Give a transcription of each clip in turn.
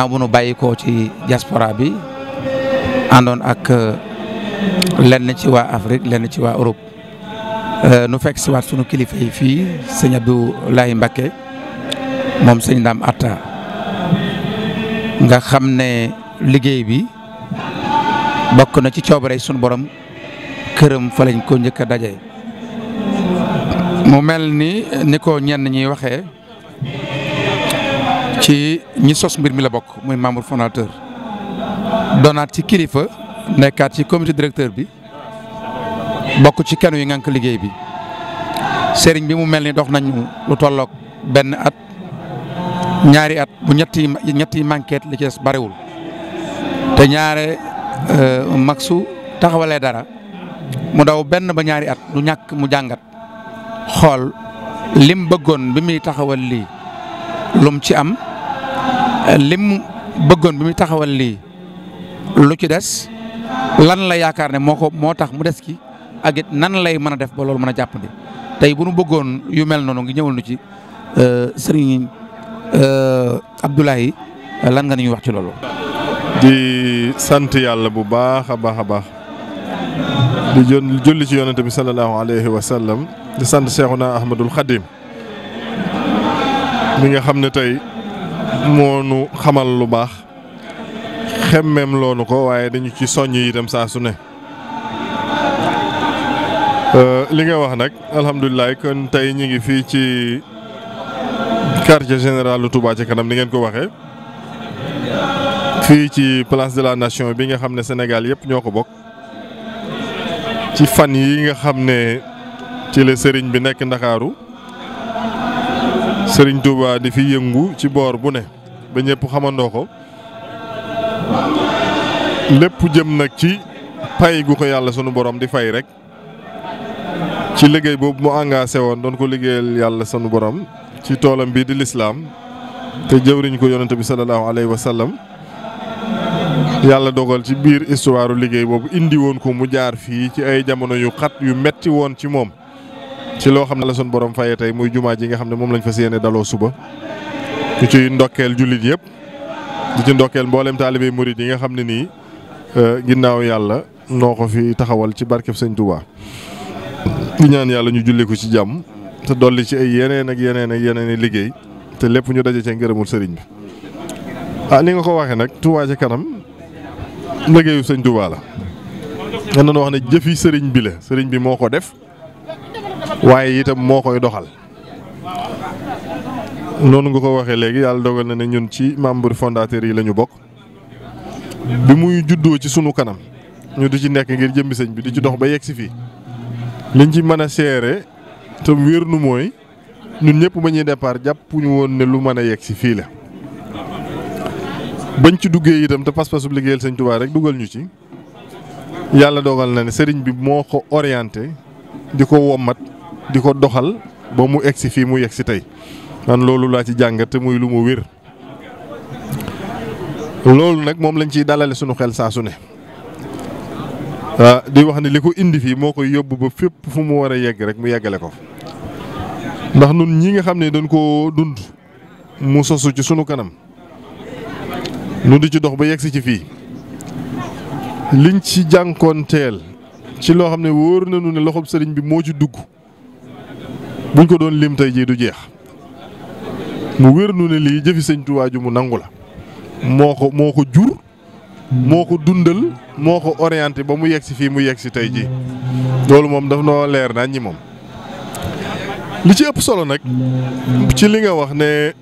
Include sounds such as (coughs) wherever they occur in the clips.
ginnaaw bu nu bàyyi ko ci diaspora bi àndoon ak euh, lenn ci waa Afrique lenn ci waa Europe euh, nu fekk si waat sunu kilifa yi fii sëñ Abdou Lahi Mbacké moom sëñ Ndam Atta nga xam ne liggéey bi bokk na ci coobare sunu borom këram fa lañ ko njëkk a daje mu mel ni ni ko ñenn ñi waxee. ci ñi sos mbir mi la bokk muy membre fondateur donaat ci kilifa nekkaat ci comité directeur bi bokk ci kenn yi ngànk liggéey bi sëriñ bi mu mel ni dox nañu lu tolloog benn at ñaari at bu ñetti ñetti manquet li bariwul te ñaare euh, mag su taxawalee dara mu daw benn ba ñaari at lu ñàkk mu jàngat xool lim bëggoon bi muy taxawal lii lum ci am lim bëggoon bi muy taxawal lii lu ci des lan la yaakaar ne moo ko moo tax mu des ki ak nan lay mën a def ba loolu mën a jàppandi tey bu nu bëggoon yu mel noonu ngi ñëwal nu ci euh, sëriñ euh, Abdoulaye lan nga ñuy wax ci loolu. di sant yàlla bu baax a baax a baax di julli ci yonent bi sallallahu alayhi wa sallam di sant Seexuna Ahmadul Xadim mi nga xam ne tey. moo nu xamal lu baax xemmem loonu ko waaye dañu ci soññ itam saa su ne euh, li nga wax nag alhamdulilah kon tey ñu ngi fii ci quartier général lu Touba ci kanam ni ngeen ko waxee fii ci place de la nation bi nga xam ne Sénégal yëpp ñoo ko bokk ci fan yi nga xam ne ci la sëriñ bi nekk Ndakaaru sëriñ Touba di fi yëngu ci boor bu ne ba ñëpp xamandoo ko lépp jëm nag ci pay gu ko yàlla sunu borom di fay rek ci liggéey boobu mu engagé woon doon ko liggéeyal yàlla sunu borom ci toolam bii di lislaam te jëwriñ ko yonente bi sallallahu alayhi wa sallam yàlla dogal ci biir histoire liggéey boobu indi woon ko mu jaar fii ci ay jamono yu xat yu metti woon ci moom ci loo xam ne la sun borom fayee tey muy jumaa ji nga xam ne moom lañ fas yéene daloo suba ñu ciy ndokkeel jullit yëpp di ci ndokkeel mboolem taalibe murid yi nga xam ne nii euh, ginnaaw yàlla noo ko fi taxawal ci barkeb sëñ Touba. di ñaan yàlla ñu julli ko ci jàmm te dolli ci ay yeneen ak yeneen ak yeneen i liggéey te lépp ñu daje cee ngërëmul sëriñ bi ah ni nga ko waxee nag Touba ca kanam liggéeyu sëñ Touba la. mën nañu wax ne jëfi sëriñ bi sëriñ bi moo ko def. waaye itam moo koy doxal noonu nga ko waxee léegi yàlla dogal na ne ñun ci membre fondateur yi lañu bokk bi muy juddoo ci sunu kanam ñu di ci nekk ngir jëmbi sëñ bi di ci dox ba yegg si fii liñ ci mën a seere te wér nu mooy ñun ñëpp ba ñuy départ ñu woon ne lu mën a yegg si fii la bañ ci duggee itam te pas-pasu liggéeyal sëñ Tuubaa rek dugal ñu ci yàlla dogal na ne sëriñ bi moo ko orienté di ko wommat di ko doxal ba mu egg si fii mu yegg si tey man loolu laa ci jàngat muy lu mu wér. loolu nag moom lañ ciy dalale sunu xel saa su ne ah, di wax ne li ko indi fii moo ko yóbbu ba fépp fu mu war a yegg rek mu yeggale ko ndax nun ñi nga xam ne dañ koo dund mu sosu ci sunu kanam nu di ci dox ba yegg si ci fii liñ ci jànkoonteel ci loo xam ne wóor nu ne loxob sëriñ bi moo ci dugg. buñ ko doon lim tey jii du jeex mu wér nu ne lii jëfi sëñ Tuubaa mu nangu la moo ko moo ko jur moo ko dundal moo ko orienté ba mu yegg si fii mu yegg si tey jii loolu moom daf noo leer naa ñi moom. li ci ëpp solo nag ci li nga wax ne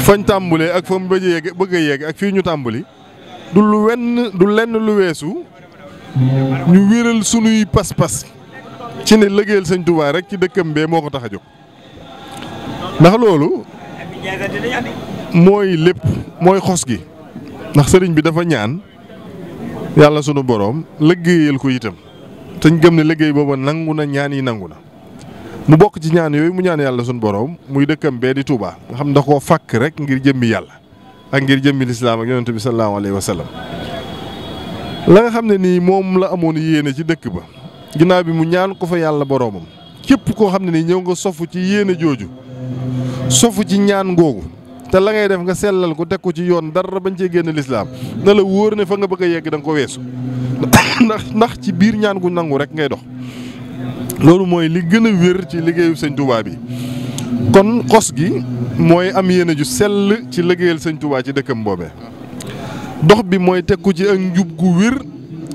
fañ tàmbulee ak fa mu bëgg a yegg ak fii ñu tàmbali du lu wenn du lenn lu weesu ñu wéral sunuy pas-pas. ci ne liggéeyal sëñ Touba rek ci dëkkam bee moo ko tax a jóg ndax loolu mooy lépp mooy xos gi ndax sëriñ bi dafa ñaan yàlla sunu boroom liggéeyal ko itam te ñu gëm ne liggéey booba nangu na ñaan yi nangu na mu bokk ci ñaan yooyu mu ñaan yàlla sunu boroom muy dëkkam bee di Touba nga xam da koo fàkk rek ngir jëmmi yàlla ak ngir jëmmi lislaam ak yonent bi sallallahu alayhi wa la nga xam ne nii moom la amoon yéene ci dëkk ba. ginnaaw bi mu ñaan ko fa yàlla boroomam képp koo xam ne ni ñëw nga sofu ci yéene jooju sofu ci ñaan googu te la ngay def nga sellal ko teg ko ci yoon dara bañ cee génn lislaam na la wóor ne fa nga bëgg a yegg da ko weesu (coughs) ndax ndax ci biir ñaan gu nangu rek ngay dox loolu mooy li gën a wér ci liggéeyu sëñ Tuubaa bi kon xos gi mooy am yéene ju sell ci liggéeyal sëñ Tuubaa ci dëkkam boobee dox bi mooy teg ko ci ak njub gu wér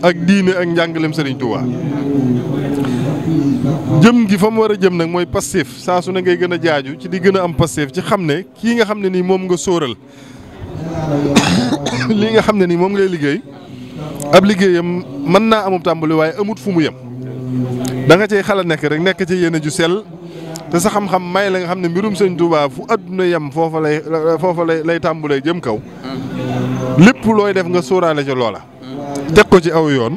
ak diine ak njàngaleem Serigne Touba jëm gi fa mu war a jëm nag mooy passif saa su ne ngay gën a jaaju ci di gën a am passif ci xam ne kii nga xam ne nii moom nga sóoral (coughs) lii nga xam ne nii moom ngay liggéey ab liggéeyam mën naa amub tàmbali waaye amut fu mu yem danga nga cay xala nekk rek nekk ci yéene ju sel te sa xam-xam may la nga xam ne mbirum sëñ Touba fu àdduna yem foofa lay foofa lay lay jëm kaw mm. lépp looy def nga sóoraale ca loola. teg ko ci aw yoon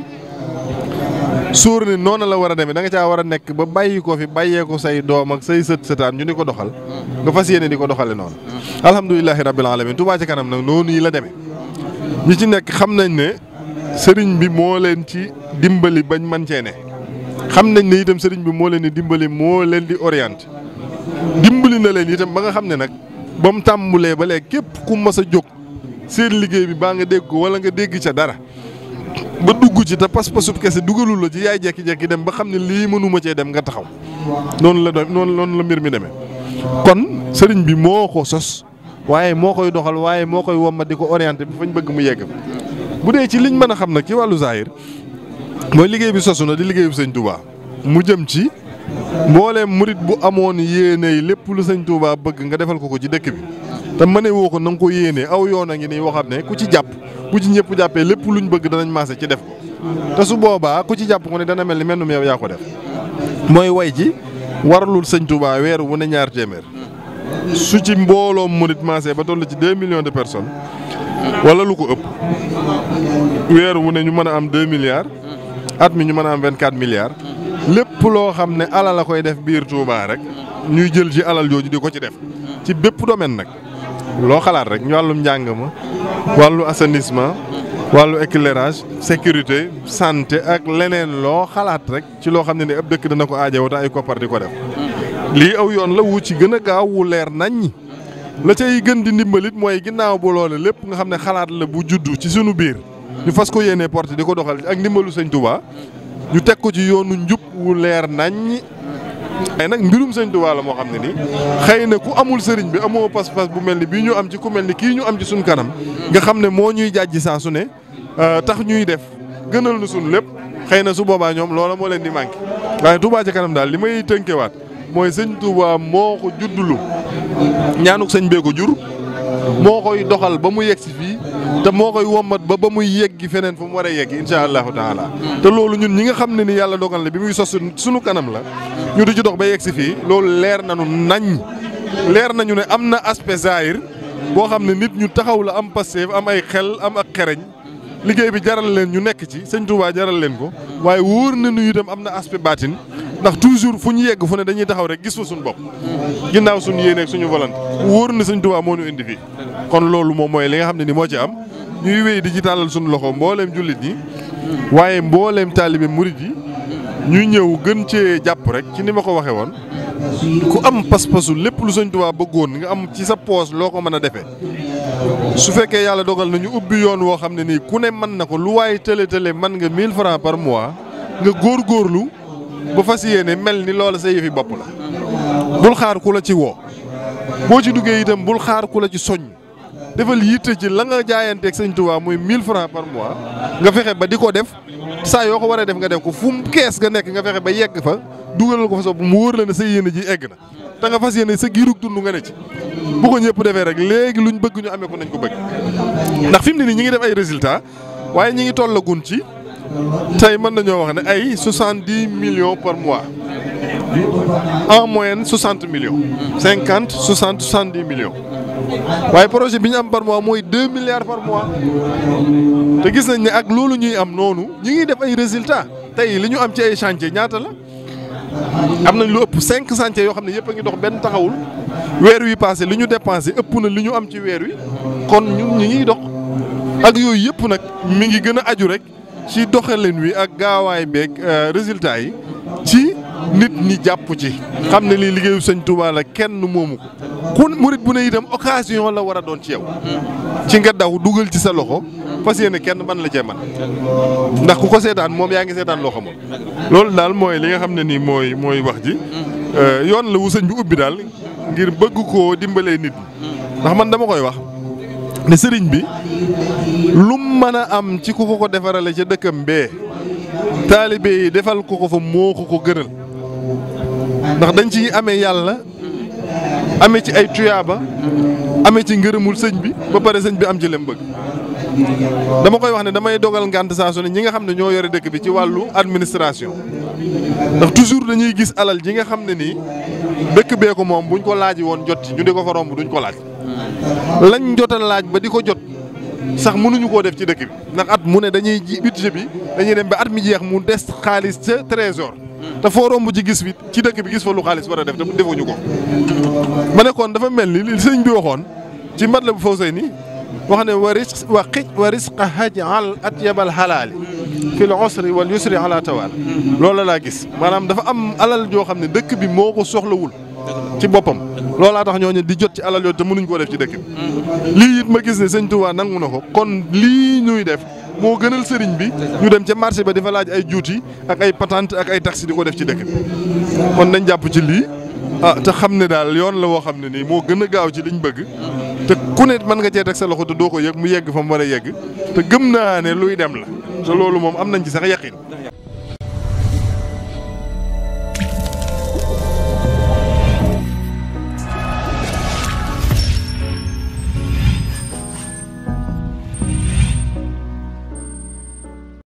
suur ni la war a deme da nga caa war a nekk ba bàyyi ko fi bàyyee ko say doom ak say sët sëtaan ñu di ko doxal nga fas yéene di ko doxale noonu alhamdulilahi rabbil alamin Touba ci kanam nag noonu yi la demee ñi ci nekk xam nañ ne sëriñ bi moo leen ci dimbali bañ man cee ne xam nañ ne itam sëriñ bi moo leen di dimbali moo leen di orienté dimbali na leen itam ba nga xam ne nag ba mu tàmbulee ba léegi képp ku mas a jóg seen liggéey bi baa nga dégg ko wala nga dégg ca dara ba dugg ci te pas-pasub kese dugalul la ci yaay jekki-jekki dem ba xam ne lii mënuma cee dem nga taxaw noonu la noonu noonu la mbir mi demee kon sëriñ bi moo ko sos waaye moo koy doxal waaye moo koy womma di ko orienté bi fañ bëgg mu yegg bu dee ci liñ mën a xam nag ci wàllu zahir mooy liggéey bi sosu na di liggéeyu sëñ Touba mu jëm ci mbooleem murit bu amoon yéene lépp lu sëñ tuubaa bëgg nga defal ko ko ci dëkk bi te mëne woo ko na nga ko yéenee aw yoon a ngi nii waxam ne ku ci jàpp ku ci ñëpp jàppee lépp luñ bëgg danañ maase ci def ko te su boobaa ku ci jàpp ko ne dana mel ni mel yow yaa ko def mooy way ji waralul sëñ Touba weer wu ne ñaar téeméer su ci mbooloom murit maase ba toll ci deux millions de personnes wala lu ko ëpp weer wu ne ñu mën a am deux milliards at mi ñu mën a am vingt quatre milliards lépp loo xam ne alal la koy def biir Touba rek ñuy jël ci alal jooju di ko ci def ci bépp domaine nag. loo xalaat rek wàllum njàng ma wàllu assainissement wàllu éclairage sécurité santé ak leneen loo xalaat rek ci loo xam ne ni ab dëkk dana ko aajowoo te ay koppar ko def lii aw yoon la wu ci gën a gaaw wu leer nañ la yi gën di ndimbalit mooy ginnaaw bu loole lépp nga xam ne xalaat la bu juddu ci sunu biir ñu fas ko yéene porte di ko doxal ak ndimbalu sëñ Touba ñu teg ko ci yoonu njub wu leer nañ ay nag mbirum sëñ Tuubaa la moo xam ne nii xëy na ku amul sëriñ bi amoo pas-pas bu mel ni bii ñu am ci ku mel ni kii ñu am ci suñ kanam nga xam ne moo ñuy jàjji saa su ne euh, tax ñuy def gënal na suñ lépp xëy na su boobaa ñoom loola moo leen di manqué waaye Tuubaa ci kanam daal li may tënkewaat mooy sëñ Tuubaa moo ko juddulu ñaanuk sëñ bee ko jur moo koy doxal ba mu yegg si fii te moo koy wommat ba ba muy yegg feneen fu mu war a yegg incha allahu taala te loolu ñun ñi nga xam ne ni yàlla dogal ne bi muy sos sunu kanam la ñu di ci dox ba yegg si fii loolu leer nañu nañ leer nañu ne am na aspect zahir boo xam ne nit ñu taxaw la am passeef am ay xel am ak xereñ liggéey bi jaral leen ñu nekk ci sëñ Touba jaral leen ko waaye wóor na ñu itam am na aspect baatin ndax toujours fu ñu yegg fu ne dañuy taxaw rek gis fa suñu bopp ginnaaw suñu yéene ak suñu volonté wóor na Sëñ moo ñu indi fi kon loolu moom mooy li nga xam ne ni moo ci am ñuy wéy di ci tàllal suñu loxo mbooleem jullit ñi waaye mbooleem taalibe murit yi ñu ñëw gën cee jàpp rek ci ni ma ko waxee woon ku am pas-pasu lépp lu Sëñ Tuubaa bëggoon nga am ci sa poos loo ko mën a defee su fekkee yàlla dogal na ñu ubbi yoon woo xam ne nii ku ne mën na ko lu waaye tële tële mën nga 1000 francs par mois nga góorgóorlu ba fas yéene mel ni loola sa yëfi bopp la bul xaar ku la ci woo boo ci duggee itam bul xaar ku la ci soññ defal yitte ci la nga jaayanteeg sëñ waa muy mille francs par mois nga fexe ba di ko def saa yoo ko waree def nga def ko fu mu kees nga nekk nga fexe ba yegg fa dugalal ko fa so bu mu wóor la ne sa yéene ji egg na te nga fas yéene sa giirug dund nga ne ci bu ko ñëpp defee rek léegi lu ñu bëgg ñu amee ko nañ ko bëgg ndax fi mu ne nii ñi ngi def ay waaye ñi ngi tollagun ci. tey mën nañoo wax ne ay soixante dix millions par mois en moyenne soixante millions. cinquante soixante soixante dix millions. waaye projet bi ñu am par mois mooy deux milliards par mois te gis nañ ne ak loolu ñuy am noonu ñi ngi def ay résultats tey li ñu am ci ay chantier ñaata la. am nañ lu ëpp cinq chantiers yoo xam ne yëpp a ngi dox benn taxawul weer wi passé li ñu dépensé ëpp na li ñu am ci weer wi kon ñun ñu ngi dox ak yooyu yëpp nag mi ngi gën a aju rek. ci doxalin wi ak gaawaay beeg euh, résultat yi ci nit ñi jàpp ci xam ne lii liggéeyu sëñ Touba kenn moomu ko ku murit bu ne itam occasion la war a doon ci yow ci nga daw dugal ci sa loxo fas ne kenn man la cee man ndax ku ko seetaan moom yaa ngi seetaan loxo xamul loolu daal mooy li nga xam ne nii mooy mooy wax ji euh, yoon la wu sëñ bi ubbi daal ngir bëgg koo dimbalee nit ñi ndax man dama koy wax ne sëriñ bi lum mën a am ci ku ko ko defarale ca dëkkam bee taalibe yi defal ko ko fa moo ko ko gënal ndax dañ ci ame yàlla amee ci ay tuyaaba amee ci ngërëmul sëñ bi ba pare sëñ bi am ci lem bëgg dama koy wax ne damay dogal ngànt saa su ne ñi nga xam ne ñoo yore dëkk bi ci wàllu administration ndax toujours dañuy gis alal ji nga xam ne ni dëkk bee ko moom buñ ko laaji woon jot ci ñu di ko fa romb duñ ko laaj lañ jot a laaj ba di ko jot sax mënuñu koo def ci dëkk bi ndax at mu ne dañuy ji budget bi dañuy dem ba at mi jeex mu des xaalis ca trésor te foo romb ci gis bi ci dëkk bi gis fa lu xaalis war a def te defuñu ko. ba ne dafa mel ni li sëñ bi waxoon ci mbat la bu faw say ni wax ne wa risq wa xij wa risqa haj al atyabal xalaali fil usri wal yusri ala tawaal loolu laa gis maanaam dafa am alal joo xam ne dëkk bi moo ko soxlawul. ci boppam loolaa tax ñooñu di jot ci alal yooyu te mënuñ koo def ci dëkk lii it ma gis ne sëñ Touba nangu na ko kon lii ñuy def moo gënal sëriñ bi ñu dem ca marché ba di fa laaj ay juuti ak ay patente ak ay taxi di ko def ci dëkk bi kon nañ jàpp ci lii ah te xam ne daal yoon la woo xam ne nii moo gën a gaaw ci liñ bëgg te ku ne mën nga cee teg sa loxo te doo ko yëg mu yegg fa mu war a yegg te gëm naa ne luy dem la te loolu moom am nañ ci sax yaqin